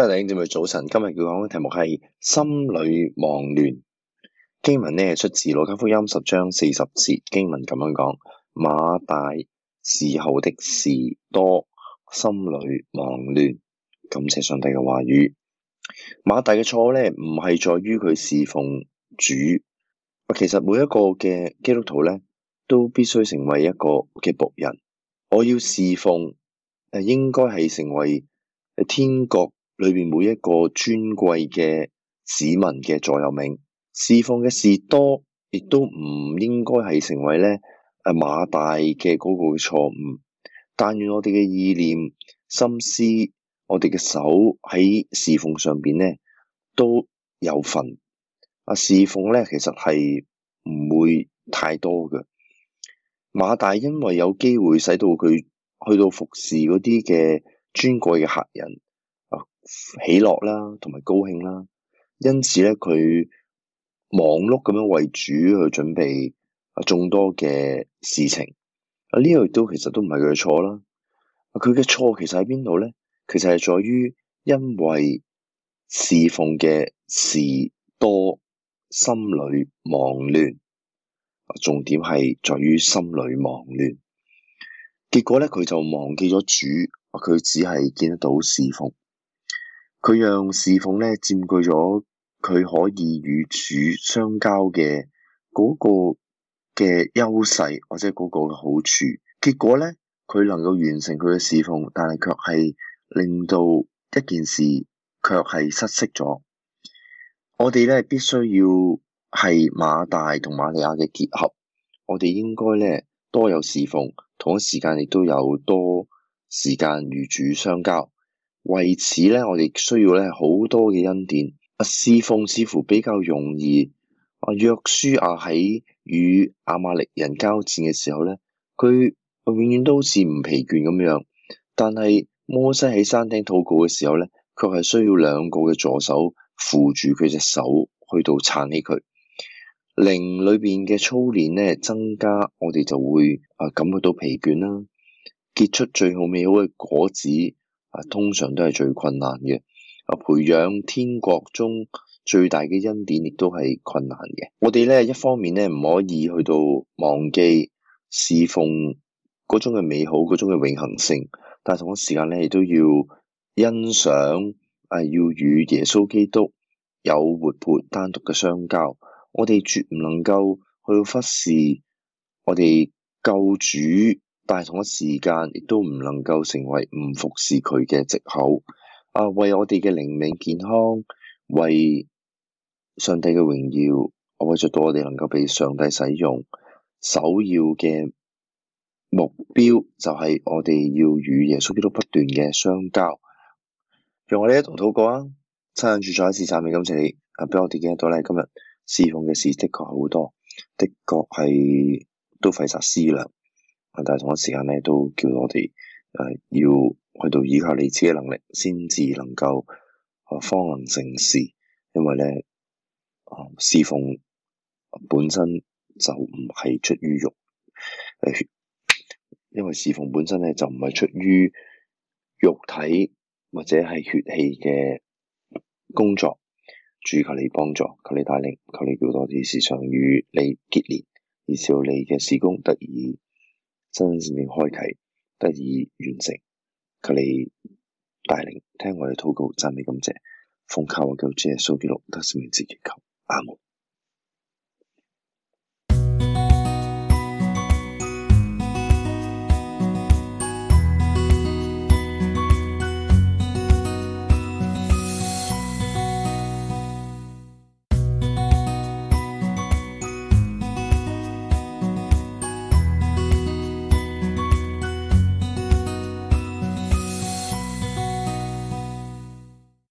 真係大家早晨，今日要講嘅題目係心裏忙亂。經文咧，出自《路加福音》十章四十節，經文咁樣講：馬大伺候的事多，心裏忙亂。感謝上帝嘅話語。馬大嘅錯咧，唔係在於佢侍奉主。其實每一個嘅基督徒咧，都必須成為一個嘅僕人。我要侍奉，誒，應該係成為誒天國。裏邊每一個尊貴嘅子民嘅座右銘，侍奉嘅事多，亦都唔應該係成為咧誒、啊、馬大嘅嗰個嘅錯誤。但願我哋嘅意念、心思、我哋嘅手喺侍奉上邊咧，都有份。啊，侍奉咧其實係唔會太多嘅。馬大因為有機會使到佢去到服侍嗰啲嘅尊貴嘅客人。喜樂啦，同埋高興啦，因此咧，佢忙碌咁樣為主去準備眾多嘅事情。啊，呢個亦都其實都唔係佢嘅錯啦。佢嘅錯其實喺邊度咧？其實係在於因為侍奉嘅事多，心裏忙亂。重點係在於心裏忙亂，結果咧，佢就忘記咗主。佢只係見得到侍奉。佢讓侍奉咧佔據咗佢可以與主相交嘅嗰個嘅優勢，或者嗰個嘅好處。結果咧，佢能夠完成佢嘅侍奉，但係卻係令到一件事卻係失色咗。我哋咧必須要係馬大同馬利亞嘅結合。我哋應該咧多有侍奉，同一時間亦都有多時間與主相交。為此咧，我哋需要咧好多嘅恩典。阿事奉似乎比較容易。阿約書亞喺與亞瑪力人交戰嘅時候咧，佢永遠都好似唔疲倦咁樣。但係摩西喺山頂禱告嘅時候咧，卻係需要兩個嘅助手扶住佢隻手去到撐起佢。靈裏邊嘅操練咧，增加我哋就會啊感覺到疲倦啦。結出最好美好嘅果子。啊，通常都係最困難嘅。啊，培養天國中最大嘅恩典，亦都係困難嘅。我哋咧一方面咧，唔可以去到忘記侍奉嗰種嘅美好，嗰種嘅永恒性。但同一時間咧，亦都要欣賞啊、呃，要與耶穌基督有活潑單獨嘅相交。我哋絕唔能夠去到忽視我哋救主。但係同一時間，亦都唔能夠成為唔服侍佢嘅藉口。啊，為我哋嘅靈命健康，為上帝嘅榮耀，我為咗到我哋能夠被上帝使用，首要嘅目標就係我哋要與耶穌基督不斷嘅相交。用我哋一同禱告啊！親近住咗再一次讚美，感謝你啊！俾我哋見到咧，今日侍奉嘅事的確好多，的確係都費曬思量。但係同一時間咧，都叫我哋誒、呃，要去到依靠你自己嘅能力能，先至能夠方能成事。因為咧，啊、呃，侍奉本身就唔係出於肉，因為侍奉本身咧就唔係出於肉體或者係血氣嘅工作，主求你幫助，求你帶領，求你叫多啲時常與你結連，以少你嘅事工得以。真正殿開啟得以完成，求你帶領，聽我哋禱告，讚美感謝，奉靠我救主耶穌基督得勝之名祈求，阿門。